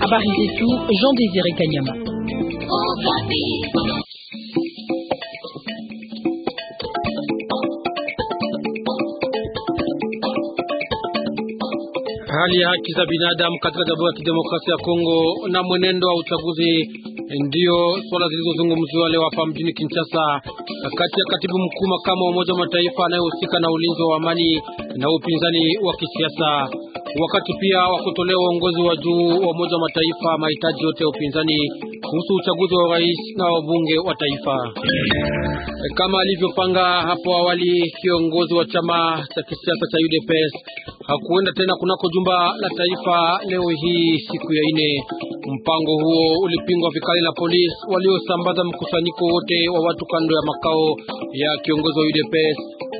Habari zetu Jean Désiré Kanyama. Hali ya haki za binadamu katika Jamhuri ya Kidemokrasia ya Kongo na mwenendo wa uchaguzi ndiyo swala zilizozungumziwa leo hapa mjini Kinshasa kati ya katibu mkuu makamu wa Umoja wa Mataifa anayehusika na ulinzi wa amani na upinzani wa kisiasa, wakati pia wa kutolewa uongozi wa juu wa Umoja wa Mataifa mahitaji yote ya upinzani kuhusu uchaguzi wa urais na wabunge wa taifa kama alivyopanga hapo awali. Kiongozi wa chama cha kisiasa cha UDPS hakuenda tena kunako jumba la taifa leo hii siku ya ine Mpango huo ulipingwa vikali na polisi waliosambaza mkusanyiko wote wa watu kando ya makao ya kiongozi wa UDPS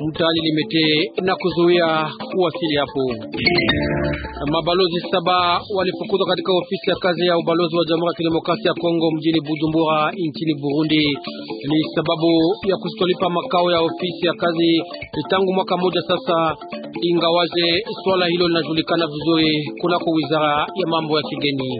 mtaani Limete na kuzuia kuwasili hapo. Mabalozi saba walifukuzwa katika ofisi ya kazi ya ubalozi wa Jamhuri ya Kidemokrasia ya Kongo mjini Bujumbura nchini Burundi ni sababu ya kusitolipa makao ya ofisi ya kazi tangu mwaka mmoja sasa, ingawaje swala hilo linajulikana vizuri kunako wizara ya mambo ya kigeni.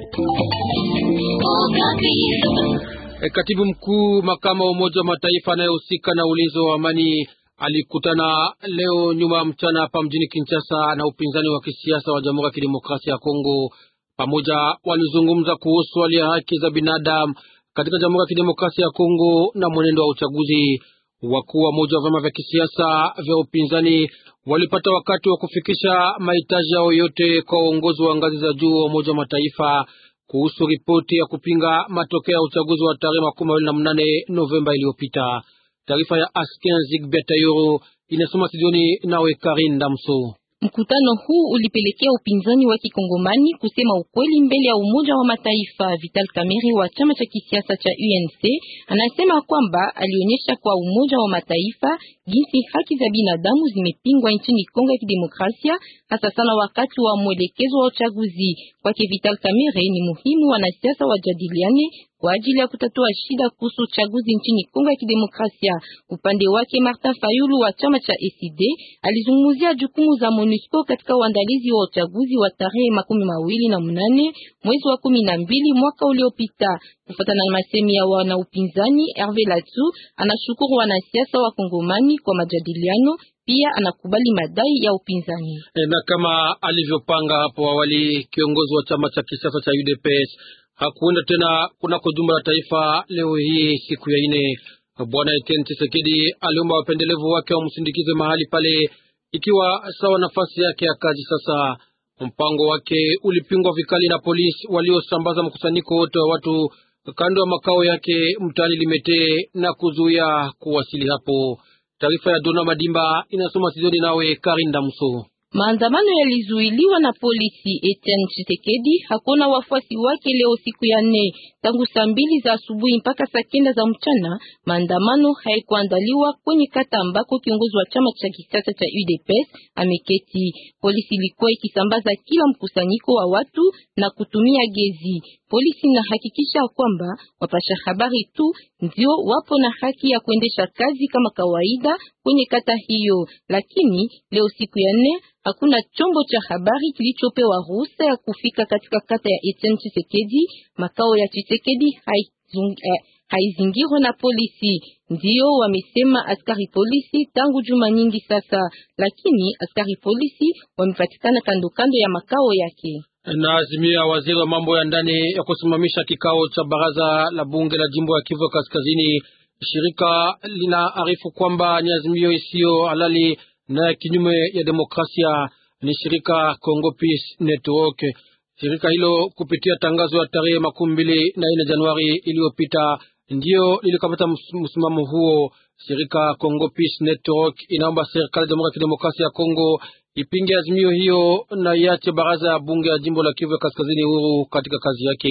Katibu mkuu makama wa Umoja wa Mataifa anayehusika na ulinzi wa amani alikutana leo nyuma ya mchana hapa mjini Kinshasa na upinzani wa kisiasa wa Jamhuri ya Kidemokrasia ya Kongo. Pamoja walizungumza kuhusu hali ya haki za binadamu katika Jamhuri ya Kidemokrasia ya Kongo na mwenendo wa uchaguzi. Wakuu wa moja wa vyama vya kisiasa vya upinzani walipata wakati wa kufikisha mahitaji yao yote kwa uongozi wa ngazi za juu wa Umoja wa Mataifa kuhusu ripoti ya kupinga matokeo ya uchaguzi wa tarehe makumi mawili na mnane Novemba iliyopita. Taarifa ya Asken Zigbeta Yoro inasoma studioni nawe Karinda Mso. Mkutano huu ulipelekea upinzani wa kikongomani kusema ukweli mbele ya Umoja wa Mataifa. Vital Kamerhe wa chama cha kisiasa cha UNC anasema kwamba alionyesha kwa Umoja wa Mataifa jinsi haki za binadamu zimepingwa nchini Kongo ya Kidemokrasia, hasa sana wakati wa mwelekezo wa uchaguzi. Kwake Vital Kamerhe ni muhimu wanasiasa wajadiliane kwa ajili ya kutatua shida kuhusu uchaguzi nchini Kongo ya Kidemokrasia. Upande wake, Martin Fayulu wa chama cha ECD alizungumzia jukumu za MONUSCO katika uandalizi wa uchaguzi wa tarehe makumi mawili na mnane mwezi wa kumi na mbili mwaka uliopita. Kufuatana na masemi ya wana upinzani, Hervé Latou anashukuru wanasiasa wa Kongomani kwa majadiliano pia anakubali madai ya upinzani. E, na kama alivyopanga hapo awali, kiongozi wa chama cha kisiasa cha UDPS hakuenda tena kunako jumba la taifa leo hii siku ya ine. Bwana Etienne Tshisekedi aliomba wapendelevu wake wamsindikize mahali pale, ikiwa sawa nafasi yake ya kazi. Sasa mpango wake ulipingwa vikali na polisi waliosambaza mkusanyiko wote wa watu kando ya makao yake mtaani Limete na kuzuia kuwasili hapo. Taarifa ya Dona Madimba inasoma Sizoni nawe Karinda damso Maandamano yalizuiliwa na polisi. Etienne chisekedi hakuna wafuasi wake leo siku ya nne tangu saa mbili za asubuhi mpaka saa kenda za mchana. Maandamano haikuandaliwa kwenye kata ambako kiongozi wa chama cha kisasa cha UDPS ameketi. Polisi ilikuwa ikisambaza kila mkusanyiko wa watu na kutumia gezi. Polisi inahakikisha kwamba wapasha habari tu ndio wapo na haki ya kuendesha kazi kama kawaida kwenye kata hiyo, lakini leo siku ya nne hakuna chombo cha habari kilichopewa ruhusa ya kufika katika kata ya Etienne Chisekedi. Makao ya Chisekedi eh, haizingirwa na polisi, ndio wamesema askari polisi tangu juma nyingi sasa, lakini askari polisi wamepatikana kando kando ya makao yake na azimia waziri wa mambo ya ndani ya kusimamisha kikao cha baraza la bunge la jimbo ya Kivu Kaskazini. Shirika linaarifu kwamba ni azimio isiyo halali na ya kinyume ya demokrasia. Ni shirika Congo Peace Network. Shirika hilo kupitia tangazo ya tarehe makumi mbili na nne Januari iliyopita ndiyo lilikamata msimamo huo. Shirika Congo Peace Network inaomba serikali ya Jamhuri ya Kidemokrasia ya Kongo ipinge azimio hiyo na iache baraza ya bunge ya jimbo la Kivu ya Kaskazini huru katika kazi yake.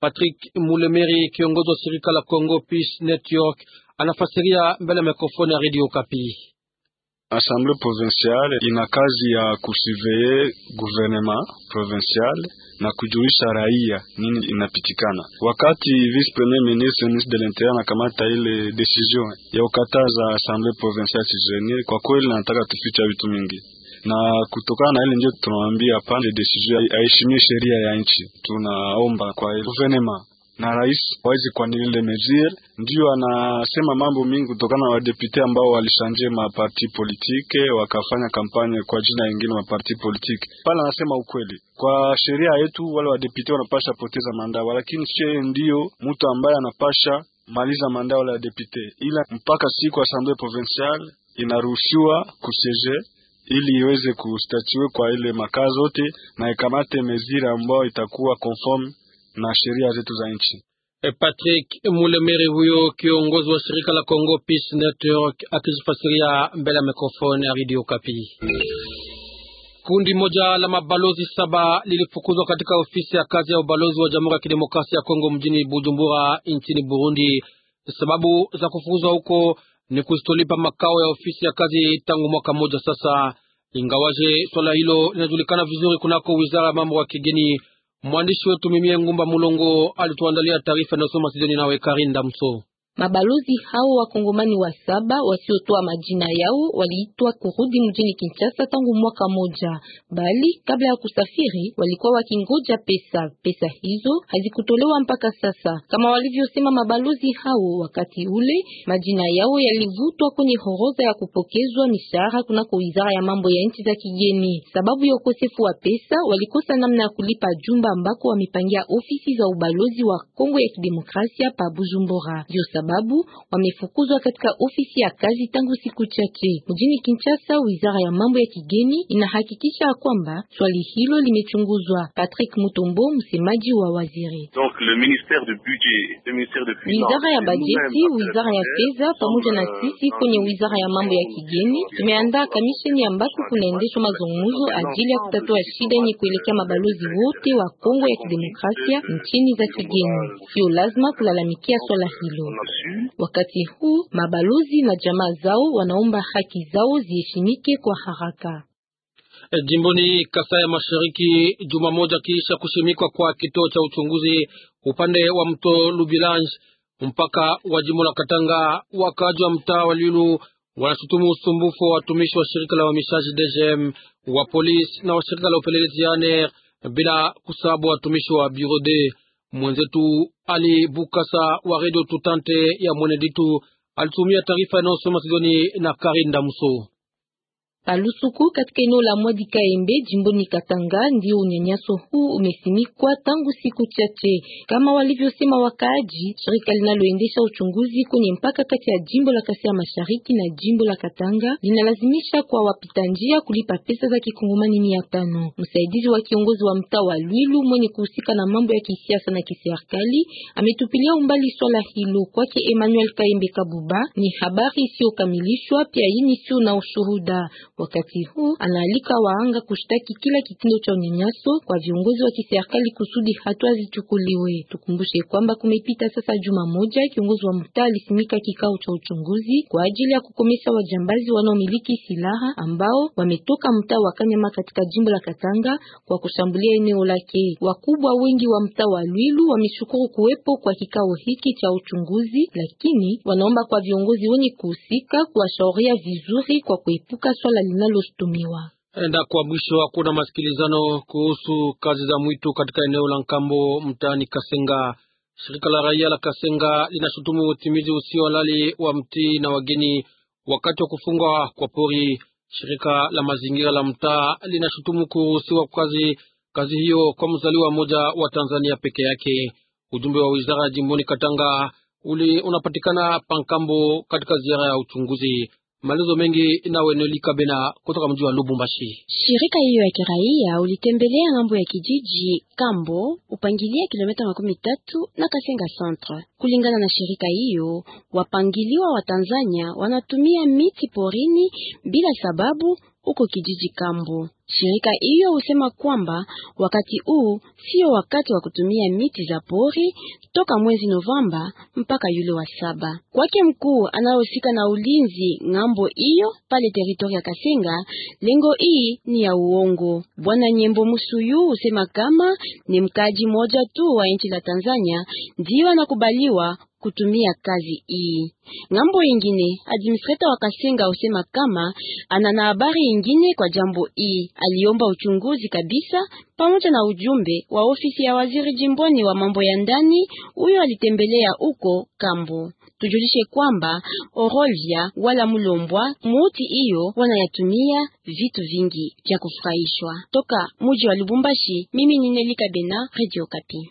Patrick Mulemeri, kiongozi wa shirika la Congo Peace Network, anafasiria mbele ya mikrofoni ya Radio Kapi. Assemblée provinciale ina kazi ya kusiveye gouvernement provincial na kujulisha raia nini inapitikana. Wakati vice premier ministre ministre de l'intérieur anakamata ile decision ya ukataza assemblée provinciale citoyenne, kwa kweli nataka tuficha vitu mingi na kutokana na ile ndio tunawaambia pale decision aheshimie sheria ya nchi. Tunaomba kwa gouvernement na rais wawezi kuanilile mesure ndio anasema mambo mingi kutokana na wadepute ambao walishanje maparti politike wakafanya kampanye kwa jina yingine maparti politike pale. Anasema ukweli, kwa sheria yetu wale wadepute wanapasha poteza mandao, lakini sio yeye ndiyo mtu ambaye anapasha maliza mandao la depute, ila mpaka siku assemble provinciale inaruhusiwa kusiege ili iweze kustatiwe kwa ile makazi yote na ikamate mezira ambayo itakuwa conforme na sheria zetu za nchi. Eh, Patrick Mulemeri huyo kiongozi wa shirika la Congo Peace Network akizifasiria mbele ya mikrofoni ya Radio Kapi. Kundi moja la mabalozi saba lilifukuzwa katika ofisi ya kazi ya ubalozi wa Jamhuri ya Kidemokrasia ya Kongo mjini Bujumbura nchini Burundi. Sababu za kufukuzwa huko ni kustolipa makao ya ofisi ya kazi tangu mwaka mmoja sasa, ingawaje swala hilo linajulikana vizuri kunako Wizara ya Mambo ya Kigeni. Mwandishi wetu Mimie Ngumba Mulongo alituandalia taarifa inayosoma Sidoni nawe Karinda Mso. Mabalozi hao wakongomani wa saba wasiotoa majina yao waliitwa kurudi mjini Kinshasa tangu mwaka moja, bali kabla ya kusafiri walikuwa wakingoja pesa. Pesa hizo hazikutolewa mpaka sasa. Kama walivyosema mabalozi hao, wakati ule majina yao yalivutwa kwenye horoza ya kupokezwa mishahara kunako wizara ya mambo ya nchi za kigeni. Sababu ya ukosefu wa pesa, walikosa namna ya kulipa jumba ambako wamepangia ofisi za ubalozi wa Kongo ya Kidemokrasia pa Bujumbura sababu wamefukuzwa katika ofisi ya kazi tangu siku chache. Mjini Kinshasa, wizara ya mambo ya kigeni inahakikisha kwamba swali hilo limechunguzwa. Patrick Mutombo, msemaji wa waziri. Donc, le ministère du budget Wizara ya bajeti, wizara ya fedha pamoja na sisi kwenye wizara ya mambo ya kigeni tumeandaa kamisheni ambako kunaendeshwa mazungumzo ajili ya kutatua shida yenye kuelekea mabalozi wote wa Kongo ya Kidemokrasia nchini za kigeni. Sio lazima kulalamikia swala hilo. Wakati huu mabalozi na jamaa zao wanaomba haki zao ziheshimike kwa haraka. E, jimboni Kasai ya Mashariki, juma moja kisha kushimikwa kwa kituo cha uchunguzi upande wa mto Lubilange mpaka wa jimbo la Katanga. Wakaaji wa mtaa wa Lulu wanashutumu usumbufu wa watumishi wa shirika la uhamishaji DGM, wa polisi na wa shirika la upelelezi ANR bila kusabu watumishi wa Birode. Mwenzetu Ali Bukasa wa redio Tutante ya Mweneditu alitumia taarifa inayosoma Sidoni na Karinda Muso. Palusuku katika eneo la Mwadi Kaembe jimboni Katanga ndio unyanyaso huu umesimikwa tangu siku chache, kama walivyosema wakaaji. Shirika linaloendesha uchunguzi kwenye mpaka kati ya jimbo la Kasai Mashariki na jimbo la Katanga linalazimisha kwa wapita njia kulipa pesa za kikongomani mia tano. Msaidizi wa kiongozi wa mtaa wa Lwilu mwenye kuhusika na mambo ya kisiasa na kiserikali ametupilia umbali swala hilo. Kwake Emmanuel Kaembe Kabuba, ni habari isiyokamilishwa pia yini sio na ushuhuda Wakati huu anaalika waanga kushtaki kila kitendo cha unyanyaso kwa viongozi wa kiserikali kusudi hatua zichukuliwe. Tukumbushe kwamba kumepita sasa juma moja, kiongozi wa mtaa alisimika kikao cha uchunguzi kwa ajili ya kukomesha wajambazi wanaomiliki silaha ambao wametoka mtaa wa Kanyama katika jimbo la Katanga kwa kushambulia eneo lake. Wakubwa wengi wa mtaa wa Lwilu wameshukuru kuwepo kwa kikao hiki cha uchunguzi, lakini wanaomba kwa viongozi wenye kuhusika kuwashauria vizuri kwa kuepuka swala linalostumiwa Enda kwa mwisho, hakuna masikilizano kuhusu kazi za mwitu katika eneo la Nkambo mtaani Kasenga. Shirika la raia la Kasenga linashutumu utimizi usio halali wa mtii na wageni wakati wa kufungwa kwa pori. Shirika la mazingira la mtaa linashutumu kuruhusiwa kazi kazi hiyo kwa mzaliwa mmoja wa Tanzania peke yake. Ujumbe wa wizara ya jimboni Katanga uli unapatikana Pankambo katika ziara ya uchunguzi. Maelezo mengi nawe Neli Kabena kutoka mji wa Lubumbashi. Shirika hiyo ya kiraia ulitembelea ngambo ya kijiji Kambo upangilia kilomita makumi tatu na Kasenga Centre. Kulingana na shirika hiyo, wapangiliwa wa Tanzania wanatumia miti porini bila sababu huko kijiji Kambo. Shirika hiyo husema kwamba wakati huu sio wakati wa kutumia miti za pori toka mwezi Novemba mpaka yule wa saba. Kwake mkuu anayehusika na ulinzi ng'ambo hiyo pale teritori ya Kasenga, lengo hii ni ya uongo. Bwana Nyembo Musuyu husema kama ni mkaji moja tu wa nchi la Tanzania ndiyo anakubaliwa kutumia kazi hii. Ngambo ingine, administrator wa Kasenga usema kama ana na habari ingine kwa jambo hii, aliomba uchunguzi kabisa pamoja na ujumbe wa ofisi ya waziri jimboni wa mambo ya ndani, huyo alitembelea uko kambo. Tujulishe kwamba Orolvia wala Mulombwa muti hiyo wanayatumia vitu vingi vya kufurahishwa. Toka muji wa Lubumbashi, mimi ni Nelika Bena, Radio Kapi.